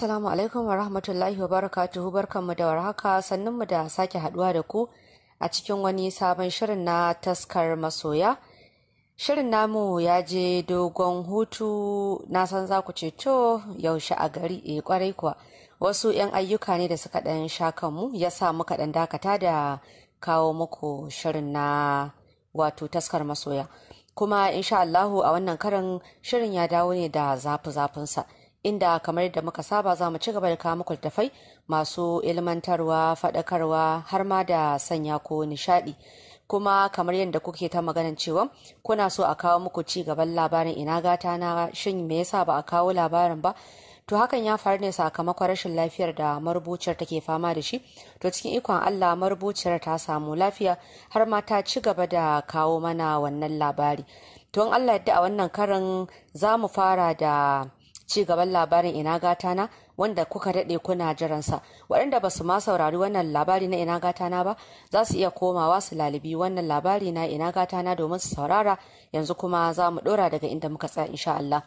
Assalamu alaikum wa rahmatullahi wa barakatuhu barkanmu da warhaka sannunmu da sake haduwa da ku a cikin wani sabon shirin na taskar masoya. Shirin namu ya je dogon hutu na san za ku ce yaushe a gari e kwarai kuwa wasu 'yan ayyuka ne da suka ɗan sha kanmu ya sa muka ɗan dakata da kawo muku shirin na wato taskar masoya. Kuma insha Allahu a wannan karin shirin ya dawo ne da zafi-zafinsa. inda kamar da muka saba za mu ci gaba da kawo muku masu ilmantarwa faɗakarwa har ma da sanya ko nishaɗi kuma kamar yadda kuke ta maganan cewa kuna so a kawo muku ci gaban labarin ina gata na shin me yasa ba a kawo labarin ba to hakan ya faru ne sakamakon rashin lafiyar da marubuciyar take fama da shi to cikin ikon allah marubuciyar ta samu lafiya har ma ta ci gaba da kawo mana wannan labari to in allah yadda a wannan karin za mu fara da ci gaban labarin ina gata na wanda kuka daɗe kuna jiransa waɗanda ba su ma saurari wannan labari na ina gatana ba za su iya komawa su lalibi wannan labari na ina gata na domin su saurara yanzu kuma za mu ɗora daga inda muka tsaya insha Allah.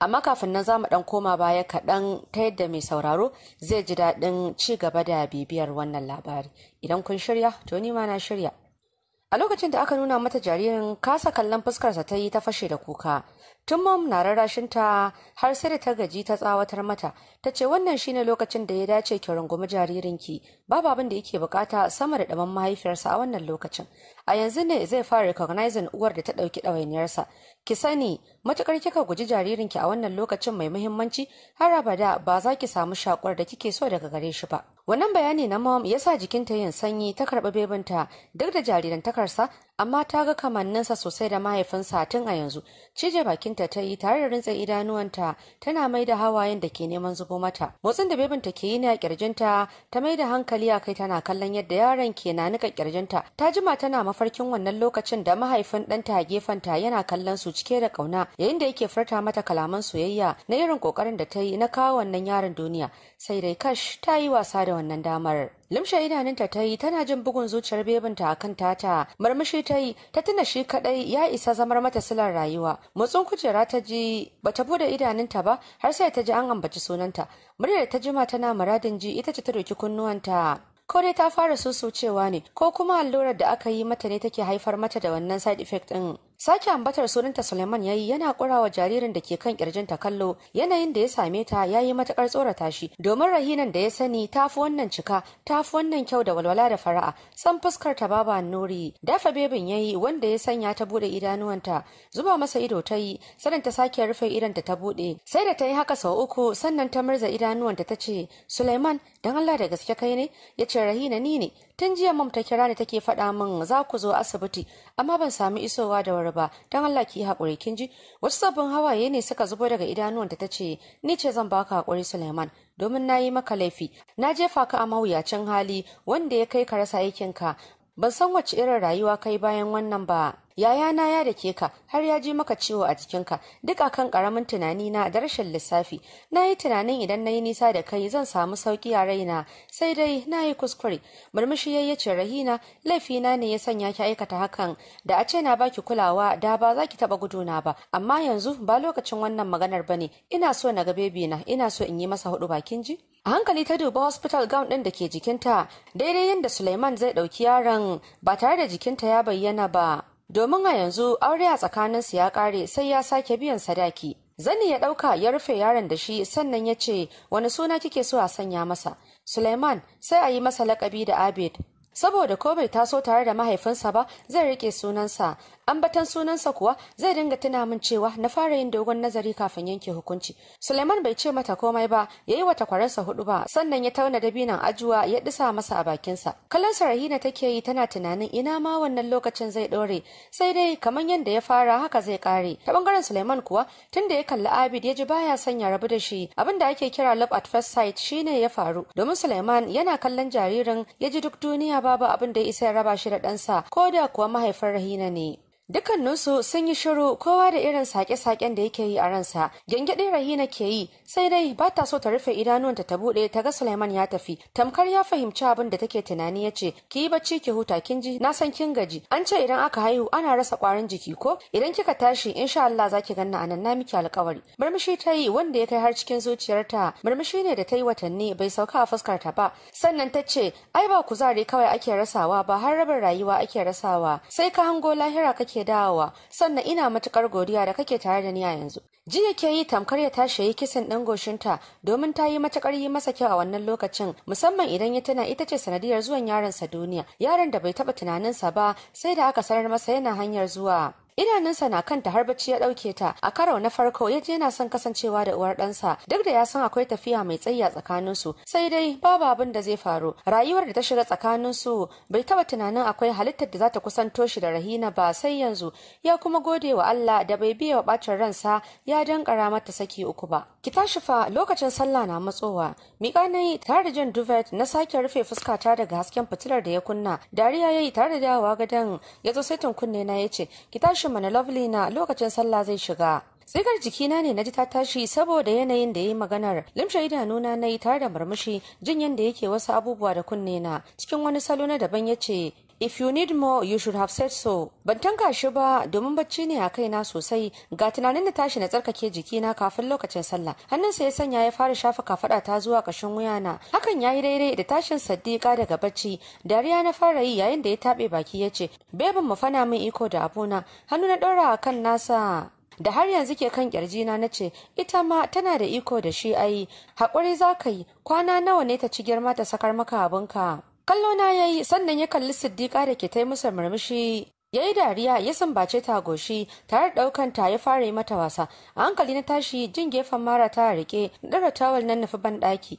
amma kafin nan za mu ɗan koma baya kaɗan ta yadda mai sauraro zai ji daɗin ci gaba da bibiyar wannan labari idan kun shirya to ni ma na shirya a lokacin da aka nuna mata jaririn kasa kallon fuskarsa ta yi ta fashe da kuka tun mom na rarrashinta har sai da ta gaji ta tsawatar mata ta ce wannan shine lokacin da ya dace ki rungumi jaririnki babu abin da yake bukata sama da daman mahaifiyarsa a wannan lokacin a yanzu ne zai fara recognizing uwar da ta ɗauki ɗawainiyarsa ki sani matukar kika guji jaririnki a wannan lokacin mai muhimmanci har abada ba za ki samu shakuwar da kike so daga gare shi ba wannan bayani na mom ya sa jikinta yin sanyi ta karɓi bebinta duk da jaririn takarsa? amma ta ga kamanninsa sosai da mahaifinsa tun a yanzu cije bakinta ta yi tare da rintsa idanuwanta tana mai da hawayen da ke neman zubo mata motsin da bebinta ke yi na kirjinta ta mai da hankali a kai tana kallon yadda yaron ke na nika kirjinta ta jima tana mafarkin wannan lokacin da mahaifin ɗanta a gefenta yana kallon su cike da ƙauna yayin da yake furta mata kalaman soyayya na irin ƙoƙarin da ta yi na kawo wannan yaron duniya sai dai kash ta yi wasa da wannan damar limshe idanunta ta yi tana jin bugun zuciyar bebinta a kan tata marmashi ta yi ta tuna shi kaɗai ya isa zamar mata silar rayuwa motsin kujera ta ji ba ta bude idanunta ba har sai ta ji an ambaci sunanta muryar ta jima tana muradin ji ita ce ta doki kunnuwanta ko dai ta fara susucewa ne ko kuma allurar da aka yi mata ne take haifar mata da wannan side effect ɗin? Sake ambatar sunanta Suleiman yayi yana kurawa jaririn da ke kan kirjinta kallo yanayin da ya same ta ya yayi matakar tsorata shi domin rahinan da ya sani tafi wannan cika tafi wannan kyau da walwala da fara'a san fuskar ta baba Nuri dafa bebin yayi wanda ya sanya ta bude idanuwanta zuba masa ido ta yi sannan ta sake rufe da ta bude sai da ta yi haka sau uku sannan ta murza idanuwanta ta ce Suleiman dan Allah da gaske kai ne ya ce Rahina ni ne tun jiya mom ta kira ni take faɗa min za ku zo asibiti amma ban sami isowa da wuri ba don Allah ki haƙuri kin ji wasu sabbin hawaye ne suka zubo daga idanuwanta ta ce ni ce zan baka haƙuri Suleiman domin na yi maka laifi na jefa ka a mawuyacin hali wanda ya kai ka rasa aikinka ban san wacce irin rayuwa kai bayan wannan ba Yaya na ya dake ka har ya ji maka ciwo a jikinka duk akan karamin tunani na da rashin lissafi na yi tunanin idan na yi nisa da kai zan samu sauki a raina sai dai na yi kuskure murmushi ya ce rahina laifina ne ya sanya ki aikata hakan da a ce na baki kulawa da ba za ki taba guduna ba amma yanzu ba lokacin wannan maganar ba ne. ina so na ga bebi na ina so in yi masa hudu bakin ji a hankali ta duba hospital gown ɗin da ke jikinta daidai yadda suleiman zai ɗauki yaron ba tare da jikinta ya bayyana ba domin a yanzu aure a tsakaninsu ya ƙare sai ya sake biyan sadaki zani ya ɗauka ya rufe yaron da shi sannan ya ce wani suna kike so a sanya masa suleiman sai a yi masa lakabi da abid saboda ko bai taso tare da mahaifinsa ba zai riƙe sunansa Ambatan sunansa kuwa zai dinga tuna min cewa na fara yin dogon nazari kafin yanke hukunci. Suleiman bai ce mata komai ba, ya yi wata kwararsa hudu ba, sannan ya tauna dabinan ajuwa ya disa masa a bakinsa. Kalansa Rahina take yi tana tunanin ina ma wannan lokacin zai dore, sai dai kamar yadda ya fara haka zai kare. Ta bangaren Suleiman kuwa tunda ya kalli Abid ya ji baya son ya rabu da shi, abin da ake kira love at first sight shine ya faru. Domin Suleiman yana kallon jaririn ya ji duk duniya babu abin da ya isa ya raba shi da ɗansa, ko da kuwa mahaifin Rahina ne. Nusu sun yi shiru kowa da irin sake-saken da yake yi a ransa. Gyangyaɗe Rahina ke yi, sai dai ba ta so ta rufe idanuwanta ta buɗe ta ga Suleiman ya tafi. Tamkar ya fahimci abin da take tunani ya ce, ki yi bacci ki huta kin ji, na san kin gaji. An ce idan aka haihu ana rasa ƙwarin jiki ko? Idan kika tashi insha Allah za ki ganna anan na miki alƙawari. Murmushi ta yi wanda ya kai har cikin zuciyarta. Murmushi ne da ta yi watanni bai sauka a fuskar ta ba. Sannan ta ce, ai ba kuzari kawai ake rasawa ba har rabin rayuwa ake rasawa. Sai ka hango lahira kake kake dawowa sannan ina matukar godiya da kake tare da ni a yanzu ji yake yi tamkar ya tashi yi kisan ɗan goshinta domin ta yi matukar yi masa kyau a wannan lokacin musamman idan ya tana ita ce sanadiyar zuwan yaron sa duniya yaron da bai taɓa tunaninsa ba sai da aka sanar masa yana hanyar zuwa idanunsa na kanta har bacci ya ɗauke ta a karo na farko ya je yana son kasancewa da uwar ɗansa duk da ya san akwai tafiya mai tsayi tsakanin su sai dai babu abin da zai faru rayuwar da ta shiga tsakanin su bai taba tunanin akwai halittar da za ta kusanto shi da rahina ba sai yanzu ya kuma gode wa Allah da bai biya wa ɓacin ransa ya dankara mata saki uku ba ki tashi fa lokacin sallah na matsowa miƙa na yi tare da jan duvet na sake rufe fuskata daga hasken fitilar da ya kunna dariya ya yi tare da dawowa gadon ya zo sai kunne na ya ce ki tashi tashin mana lovely na lokacin sallah zai shiga tsigar jikina ne na ji ta tashi saboda yanayin da ya yi maganar limshe idanuna na yi tare da murmushi jin yadda yake wasu abubuwa da kunne na cikin wani salo na daban ya ce if you need more you should have said so ban tanka shi ba domin bacci ne a kaina sosai ga tunanin da tashi na tsarkake jikina kafin lokacin sallah hannun sa ya sanya ya fara shafa kafada ta zuwa kashin wuya na. hakan ya yi daidai da tashin saddiqa daga bacci dariya na fara yi yayin da ya taɓe baki ya ce beban mu fana min iko da abuna hannu na ɗora a kan nasa da har yanzu ke kan kirjina na ce ita ma tana da iko da shi ai. haƙuri za ka yi kwana nawa ne ta ci girma ta sakar maka abinka kallo na yayi sannan ya kalli siddiƙa da ke ta masa murmushi ya yi dariya ya sambace ta goshi tare da ɗaukan ta ya fara yi mata wasa a hankali na tashi jin gefen mara ta rike ɗara tawal nan nufi ban ɗaki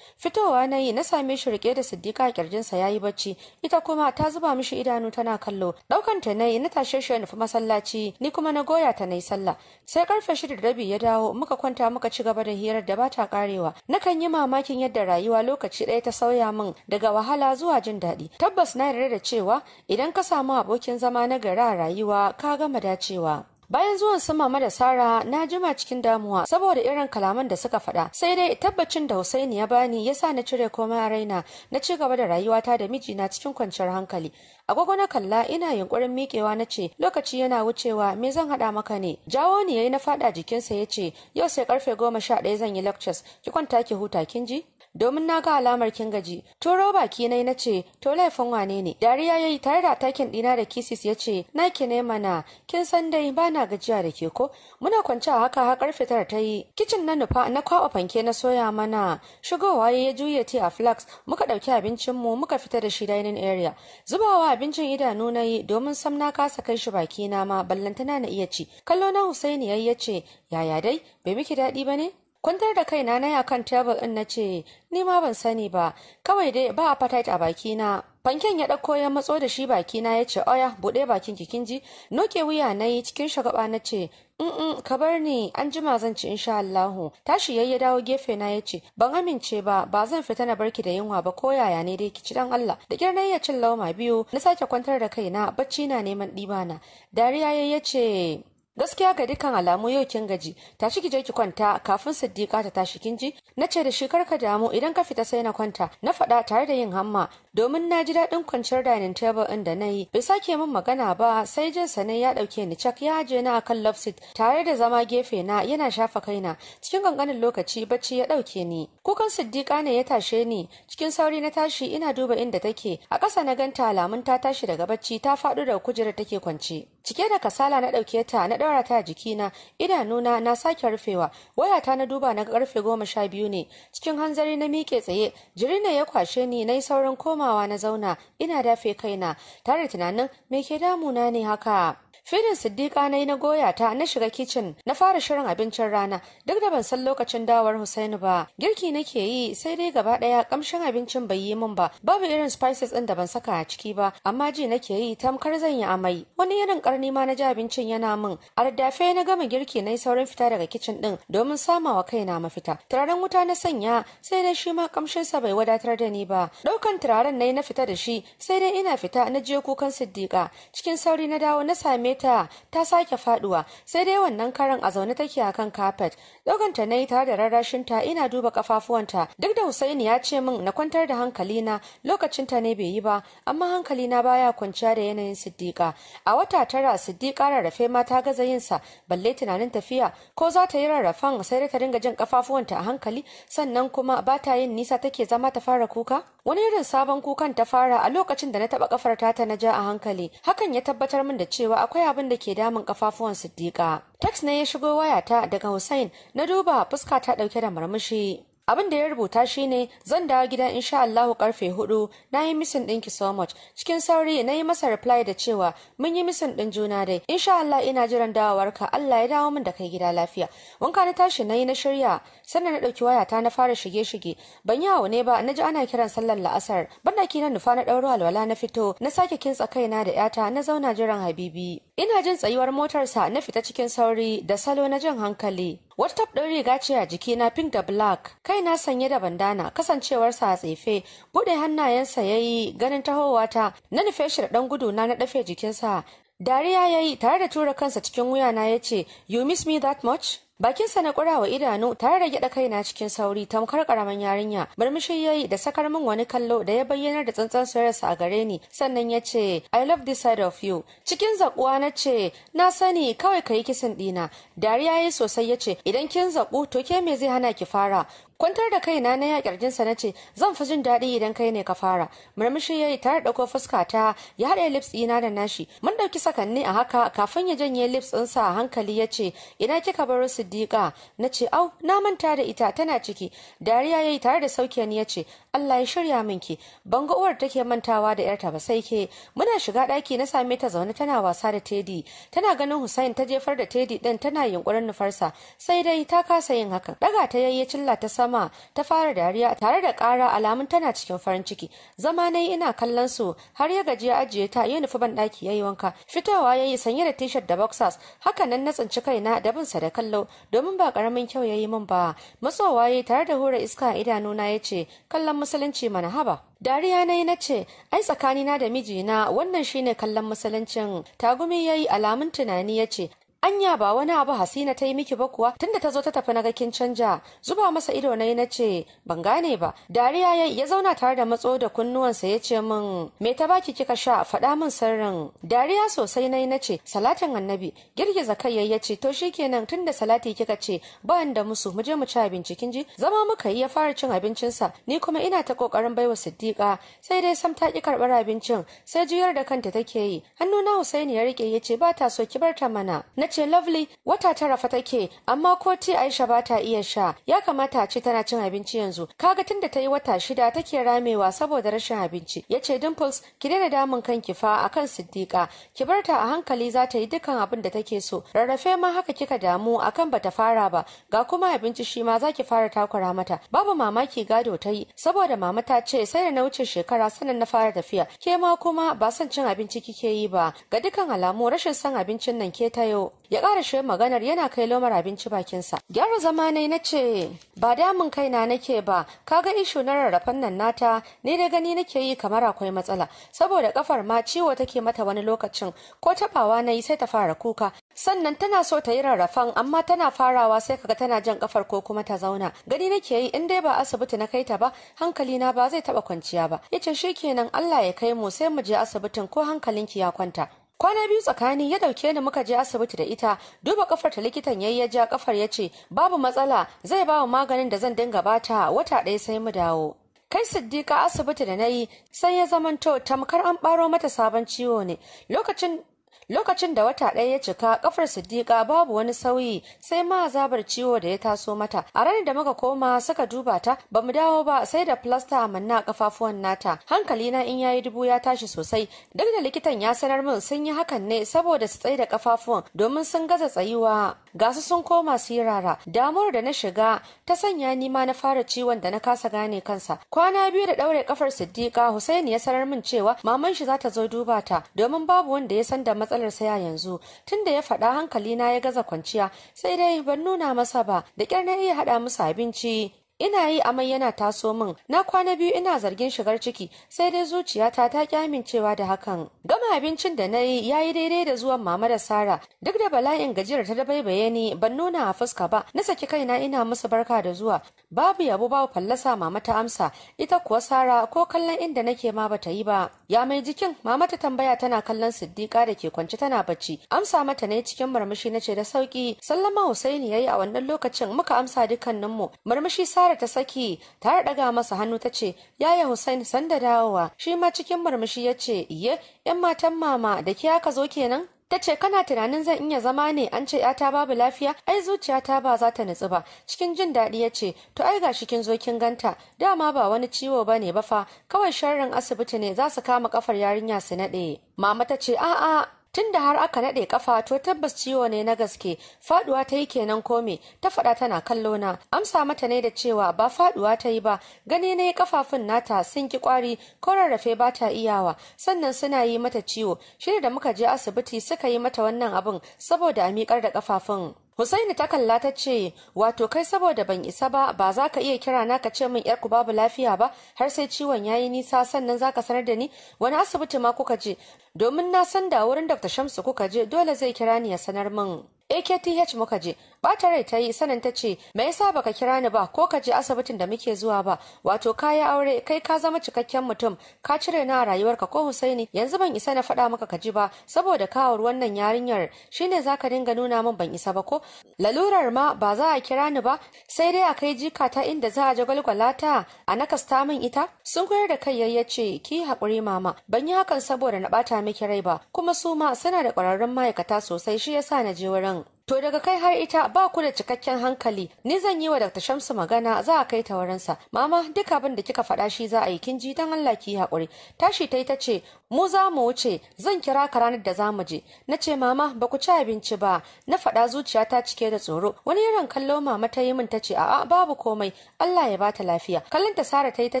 fitowa na yi na same shi rike da a kirjinsa ya yi bacci ita kuma ta zuba mishi idanu tana kallo daukan ta na yi na tashe shi nufi masallaci ni kuma na goya ta na yi sallah sai karfe shida da rabi ya dawo muka kwanta muka ci gaba da hirar da bata karewa nakan yi mamakin yadda rayuwa lokaci ɗaya ta sauya min daga wahala zuwa jin daɗi tabbas na yarda da cewa idan ka samu abokin zama na gara rayuwa ka gama dacewa Bayan zuwan sama mama da Sara na jima cikin damuwa saboda irin kalaman da suka faɗa sai dai tabbacin da Hussaini ya bani ya sa na cire komai a raina na ci gaba da rayuwata da mijina cikin kwanciyar hankali. Agogo na kalla ina yunkurin mikewa na ce lokaci yana wucewa me zan haɗa maka ne jawo ni yayi na faɗa jikinsa ya ce yau sai karfe goma sha ɗaya zan yi lectures ki kwanta ki huta kin ji domin na ga alamar kin gaji To baki nai na ce to laifin wane ne dariya ya yi tare da takin dina da kisis ya ce na ki ne mana kin san dai ba na gajiya da ke ko muna kwance a haka har karfe tara ta yi kicin na nufa na kwaba fanke na soya mana shigowa ya juya ti a flax muka ɗauki mu muka fita da shi dining area zubawa abincin idanu na yi domin sam na kasa kai shi baki na ma ballantana na iya ci kallo na husaini ya ce yaya dai bai miki daɗi ba ne kwantar da kaina na kan tebur ɗin na ce ni ma ban sani ba kawai dai ba appetite a baki na fanken ya ɗauko ya matso da shi baki na ya ce oya buɗe bakin ki, kin ji noke wuya na yi cikin shagaba na ce in ka bar ni an jima zan ci insha Allahu tashi yayi dawo gefe na ya ce ban amince ba ba zan fita na barki da yunwa ba ko yaya ne dai ki ci dan Allah da kirna ya cin lauma biyu na sake kwantar da kaina bacci na neman ɗibana dariya ya ce gaskiya ga dukkan alamu yau kin gaji tashi ki je ki kwanta kafin siddiqa ta tashi kin ji na ce da shi karka damu idan ka fita sai na kwanta na faɗa tare da yin hamma domin na ji daɗin kwanciyar dining table din da na yi bai sake min magana ba sai jin sane ya ɗauke ni cak ya je na akan love seat tare da zama gefe na yana shafa kaina cikin kankanin lokaci bacci ya ɗauke ni kukan siddiqa ne ya tashe ni cikin sauri na tashi ina duba inda take a ƙasa na ganta alamun ta tashi daga bacci ta faɗo daga kujerar take kwance cike da kasala na ɗauke ta na ɗaurata ta jikina idanuna na sake rufewa wayata na duba na karfe goma sha biyu ne cikin hanzari na miƙe tsaye jiri na ya kwashe ni na yi saurin komawa na zauna ina dafe kaina tare tunanin me ke damuna ne haka Firin Siddiƙa na yi na goya ta na shiga kicin na fara shirin abincin rana duk da ban san lokacin dawar Husainu ba. Girki nake yi sai dai gaba ɗaya ƙamshin abincin bai yi min ba. Babu irin spices ɗin da ban saka a ciki ba amma ji nake yi tamkar zan yi amai. Wani irin ƙarni ma na ji abincin yana min. A daddafe na gama girki na yi saurin fita daga kicin ɗin domin sama wa kaina mafita. Turaren wuta na sanya sai dai shi ma ƙamshinsa bai wadatar da ni ba. Ɗaukan turaren na yi na fita da shi sai dai ina fita na je kukan Siddiƙa. Cikin sauri na dawo na same ta ta sake faduwa sai dai wannan karan a zaune take kan carpet ɗaukanta na yi tare da rarrashinta ina duba kafafuwanta duk da Hussaini ya ce min na kwantar da hankalina lokacinta ne bai yi ba amma hankalina baya kwanciya da yanayin Siddiƙa a wata tara Siddiƙa rarrafe ma ta gaza yinsa balle tunanin tafiya ko za ta yi rarrafan sai dai ta dinga jin kafafuwanta a hankali sannan kuma ba ta yin nisa take zama ta fara kuka wani irin sabon kukan ta fara a lokacin da na taba kafar ta na ja a hankali hakan ya tabbatar min da cewa akwai akwai abin da ke damun kafafuwan siddiƙa text ne ya shigo wayata daga hussein na duba fuska ta ɗauke da murmushi abin da ya rubuta shine zan dawo gida insha Allahu karfe hudu na yi misin ki so much cikin sauri na yi masa reply da cewa mun yi misin ɗin juna dai insha Allah ina jiran dawowarka Allah ya dawo min da kai gida lafiya wanka na tashi na yi na shirya sannan na ɗauki wayata na fara shige shige ban yi ne ba na ji ana kiran sallar la'asar banaki na nufa na ɗauro alwala na fito na sake kintsa kaina da yata na zauna jiran habibi ina jin tsayuwar motarsa na fita cikin sauri da salo na jin hankali wata ɗin riga ce a jiki na pink da black kaina sanye da bandana kasancewarsa a tsefe bude hannayensa ya yi ganin tahowata, ta na nufe shi da ɗan gudu na na jikinsa dariya ya yi tare da tura kansa cikin wuyana ya ce you miss me that much bakinsa na kurawa idanu tare da gyada kaina cikin sauri ta tamkar karaman yarinya murmushi yayi da sakar min wani kallo da ya bayyanar da tsantsan soyayyarsa a gare ni sannan ya ce i love this side of you cikin zakuwa na ce na sani kawai ka yi kisan dina dariya yayi sosai ya ce idan kin zaku to ke me zai hana ki fara kwantar da kaina na ya sa na ce zan fi jin daɗi idan kai ne ka fara murmushi ya yi tare da fuska ta ya haɗa lips ɗina da nashi mun ɗauki sakanni a haka kafin ya janye lips sa a hankali ya ce ina kika bar siddiƙa na ce au na manta da ita tana ciki dariya ya yi tare da sauke ni ya ce Allah ya shirya minki ban ga uwar take mantawa da yarta ba sai ke muna shiga ɗaki na same ta zaune tana wasa da Teddy tana ganin Hussein ta jefar da Teddy ɗin tana yunkurin nufarsa sai dai ta kasa yin hakan ɗaga ta yayye cilla ta sama ta fara dariya tare da ƙara alamun tana cikin farin ciki zama nayi ina kallon su har ya gajiya ya ajiye ta ya nufi ban ya yi wanka fitowa ya yi sanye da t da boxers hakanan na tsinci kaina da bin sa da kallo domin ba karamin kyau ya yi min ba matsowa ya tare da hura iska a idanuna ya ce kallon musulunci mana haba dariya na yi na ce ai tsakanina da mijina wannan shine kallon musuluncin tagumi ya yi alamun tunani ya ce anya ba wani abu hasina ta yi miki ba kuwa tunda ta zo ta tafi na kin canja zuba masa ido na yi na ce ban gane ba dariya ya zauna tare da matso da sa ya ce min me ta baki kika sha faɗa min sirrin dariya sosai na yi na ce salatin annabi girgiza kai ya ce to shikenan tunda salati kika ce ba da musu mu je mu ci abinci kin ji zama muka yi ya fara cin abincinsa ni kuma ina ta kokarin baiwa siddiqa sai dai sam ta ki karɓar abincin sai juyar da kanta take yi Hannuna na husaini ya rike ya ce ba ta so ki barta mana na ce lovely wata tara fa take amma ko ti aisha ba ta iya sha ya kamata ce tana cin abinci yanzu kaga tunda ta yi wata shida take ramewa saboda rashin abinci ya ce dimples ki daina damun kanki fa akan siddiqa ki bar ta a hankali za ta yi dukkan abin da take so rarrafe ma haka kika damu akan bata fara ba ga kuma abinci shi ma za ki fara takura mata babu mamaki gado ta yi saboda mama ta ce sai da na wuce shekara sanin na fara tafiya ke ma kuma ba son cin abinci kike yi ba ga dukkan alamu rashin son abincin nan ke ta yau ya ƙara shi maganar yana kai lomar abinci bakinsa gyara zama ne na ce ba damun kaina nake ba kaga isho na rarrafan nan nata ni dai gani nake yi kamar akwai matsala saboda kafar ma ciwo take mata wani lokacin ko taɓawa nayi, sai ta fara kuka sannan tana so ta yi rarrafan amma tana farawa sai kaga tana jan kafar ko kuma ta zauna gani nake yi in dai ba asibiti na kai ta ba hankali na ba zai taɓa kwanciya ba yace shikenan Allah ya kai mu sai mu je asibitin ko hankalinki ya kwanta kwana biyu tsakani ya dauke ni muka je asibiti da ita duba kafar ta likitan yayi ya ja kafar ya ce babu matsala zai ba wa maganin da zan dinga bata wata ɗaya sai mu dawo kai siddika asibiti da nayi sai ya zamanto tamkar an ɓaro mata sabon ciwo ne lokacin lokacin da wata ɗaya ya cika kafar siddiƙa babu wani sauyi sai ma zabar ciwo da ya taso mata a ranar da muka koma suka duba ta ba mu dawo ba sai da plasta a manna kafafuwan nata hankali na in yayi dubu ya tashi sosai duk da likitan ya sanar min sun yi hakan ne saboda su tsaida da kafafuwan domin sun gaza tsayuwa ga su sun koma sirara damuwar da na shiga ta sanya ni ma na fara ciwon da na kasa gane kansa kwana biyu da ɗaure kafar siddiqa husaini ya sanar min cewa maman shi za ta zo duba ta domin babu wanda ya san da matsalar saya yanzu tunda ya faɗa hankali na ya gaza kwanciya sai dai ban nuna masa ba da kyar na iya haɗa musu abinci ina yi amai yana taso min na kwana biyu ina zargin shigar ciki sai dai zuciyata ta ki amincewa da hakan gama abincin da na yi ya yi daidai da zuwan mama da sara duk da bala'in gajiyar ta dabaibaye ni ban nuna a fuska ba na saki kaina ina musu barka da zuwa babu yabo babu fallasa mama ta amsa ita kuwa sara ko kallon inda nake ma bata yi ba ya mai jikin mama ta tambaya tana kallon siddiƙa da ke kwance tana bacci amsa mata ne cikin murmushi na ce da sauki sallama husaini yi a wannan lokacin muka amsa dukkaninmu murmushi sara Zara ta saki ta daga masa hannu ta ce yaya Hussein sanda dawowa shi ma cikin murmushi ya ce iye yan matan mama da ke aka zo kenan ta ce kana tunanin zan iya zama ne an ce yata babu lafiya ai zuciyata ba za ta nutsu ba cikin jin daɗi ya ce to ai ga shikin zo ganta dama ba wani ciwo ba ne ba fa kawai sharrin asibiti ne za su kama kafar yarinya su naɗe mama ta ce a'a tunda har aka naɗe kafa to tabbas ciwo ne na gaske faduwa ta yi kenan kome ta faɗa tana kallo na amsa mata ne da cewa ba faduwa ta yi ba gani ne kafafun nata sun ki kwari ko rarrafe ba ta iyawa sannan suna yi mata ciwo shida da muka je asibiti suka yi mata wannan abin saboda a miƙar da kafafun Hussaini ta kalla ta ce, "Wato kai saboda ban isa ba, ba za ka iya kira na ka ce min ku babu lafiya ba, har sai ciwon ya yi nisa sannan za ka sanar da ni, wani asibiti ma kuka je, domin na san da wurin Dr. Shamsu kuka je, dole zai kira ni ya sanar min." AKTH muka je, bata rai ta yi sanin ta ce me yasa baka kira ni ba ko ka je asibitin da muke zuwa ba wato kayi aure kai ka zama cikakken mutum ka cire na rayuwarka ko Husaini yanzu ban isa na faɗa maka ka ji ba saboda kawar wannan yarinyar shine zaka dinga nuna min ban isa ba ko lalurar ma ba za a kira ni ba sai dai a kai jika ta inda za a je jagwalgwala ta a nakasta min ita sun koyar da kai ya ce ki hakuri mama ban yi hakan saboda na bata miki rai ba kuma su ma suna da ƙwararrun ma'aikata sosai shi yasa na je wurin To daga kai har ita ba ku da cikakken hankali, ni zan yi wa Dr. Shamsu magana za a kai ta wurinsa. Mama duk abin da kika faɗa shi za a yi kin ji dan Allah ki haƙuri. Tashi tai yi ta ce, mu za mu wuce zan kira ka ranar da za mu je. Na ce mama ba ku ci abinci ba, na faɗa zuciya ta cike da tsoro. Wani irin kallo mama ta yi min ta ce a'a babu komai Allah ya ba ta lafiya. Kallon ta Sara tai yi ta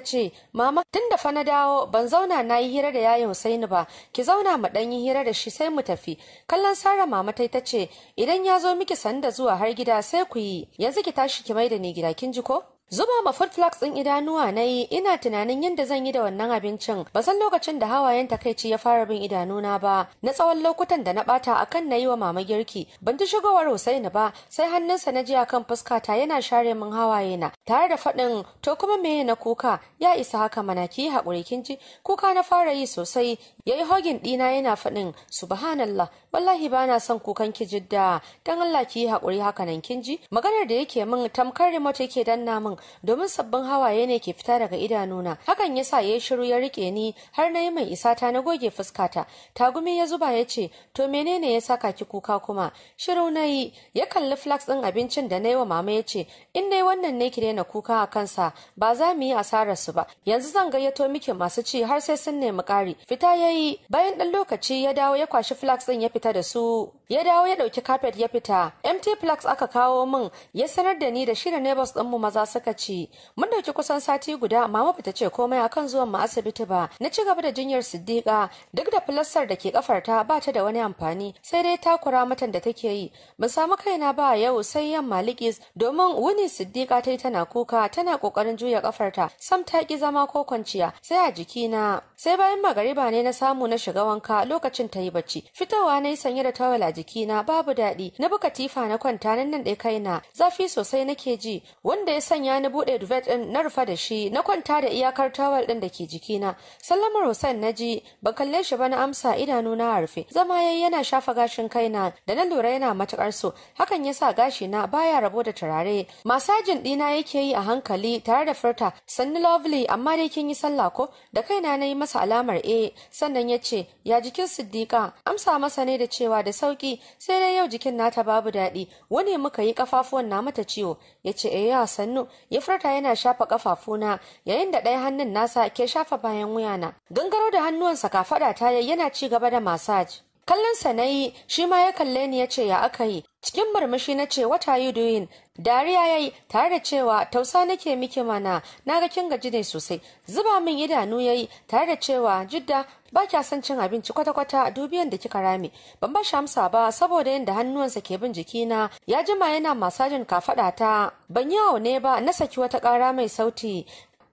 ce mama tun da fa na dawo ban zauna na yi hira da yayi Husaini ba, ki zauna mu ɗan yi hira da shi sai mu tafi. Kallon Sara mama ta ta ce idan ya zo miki sanda zuwa har gida sai ku yi yanzu ki tashi ki mai da ni gida kin ji ko Zuba ma food flax din idanuwa nayi ina tunanin yadda zan yi da wannan abincin ba san lokacin da hawayen takaici ya fara bin idanuna ba na tsawon lokutan da na bata akan na yi wa mama girki ban ji shigowar Husaini ba sai hannunsa na ji akan fuskata yana share min hawaye na tare da faɗin to kuma meye na kuka ya isa haka mana ki haƙuri kin ji kuka na fara yi sosai yayi hogin ɗina yana faɗin subhanallah wallahi ba na son kukan ki jidda dan Allah ki yi hakuri haka nan kin ji maganar da yake min tamkar remote yake danna min domin sabbin hawaye ne ke fita daga idanuna hakan yasa yayi shiru ya rike ni har na yi mai isa ta na goge fuskata tagumi ya zuba ya ce to menene ya saka ki kuka kuma shiru nayi ya kalli flax din abincin da na yi wa mama ya ce in dai wannan ne ki daina kuka a kansa ba za mu yi asarar su ba yanzu zan gayyato miki masu ci har sai sun nemi kari. fita yayi bayan ɗan lokaci ya dawo ya kwashi flax din ya fita fita da su ya dawo ya dauki kafet ya fita mt plax aka kawo min ya sanar da ni da shi da neighbors din mu maza suka ci mun dauki kusan sati guda mama ta ce komai akan zuwan mu asibiti ba na ci gaba da jinyar siddiqa duk da filastar da ke ta ba ta da wani amfani sai dai takura matan da take yi ban samu kaina ba yau sai yamma malikis. domin wuni siddiqa ta yi tana kuka tana kokarin juya kafarta sam ta ki zama ko kwanciya sai a jikina sai bayan magariba ne na samu na shiga wanka lokacin ta yi bacci fitowa na sanye da tawul a na babu daɗi na bi katifa na kwanta nan nan ɗaya kaina zafi sosai nake ji wanda ya sanya ni buɗe duvet ɗin na rufa da shi na kwanta da iyakar tawul ɗin da ke jikina sallamar Hussein na ji Ba kalle shi ba na amsa idanu na harfe. zama yayi yana shafa gashin kaina da na lura yana matukar so hakan ya sa gashi na baya rabo da turare masajin ɗina yake yi a hankali tare da furta sannu lovely amma dai kin yi sallah ko da kaina na yi masa alamar A. Eh. sannan ya ce ya jikin siddiƙa amsa masa ne yi da cewa da sauki sai dai yau jikin nata babu daɗi wani muka yi kafafuwan na mata ciwo ya ce e ya sannu ya furta yana shafa kafafuna yayin da ɗaya hannun nasa ke shafa bayan wuyana gangaro da hannuwansa ka faɗa ta yana ci gaba da masaj kallon sa na yi shi ma ya kalle ni ya ce ya aka yi cikin murmushi na ce wata are you dariya ya yi tare da cewa tausa nake miki mana na ga kin gaji ne sosai zuba min idanu ya yi tare da cewa jidda ba kya son cin abinci kwata-kwata dubiyan da kika rame ban ba shi amsa ba saboda yadda hannuwansa ke bin jikina ya jima yana masajin kafaɗa ta ban yi ne ba na saki wata ƙara mai sauti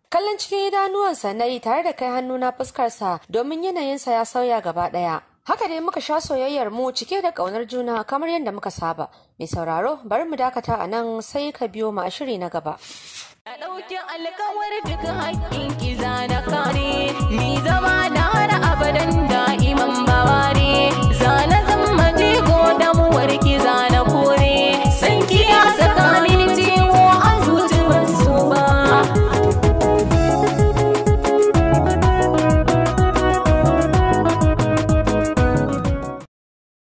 kallon cikin idanuwansa na yi tare da kai hannu na fuskarsa domin yanayinsa ya sauya gaba ɗaya Haka dai muka sha soyayyar mu cike da ƙaunar juna kamar yadda muka saba. Mai sauraro bari mu dakata a nan sai ka biyo mu a shiri na gaba. a ɗaukin duk haƙƙin ni zama na har abadan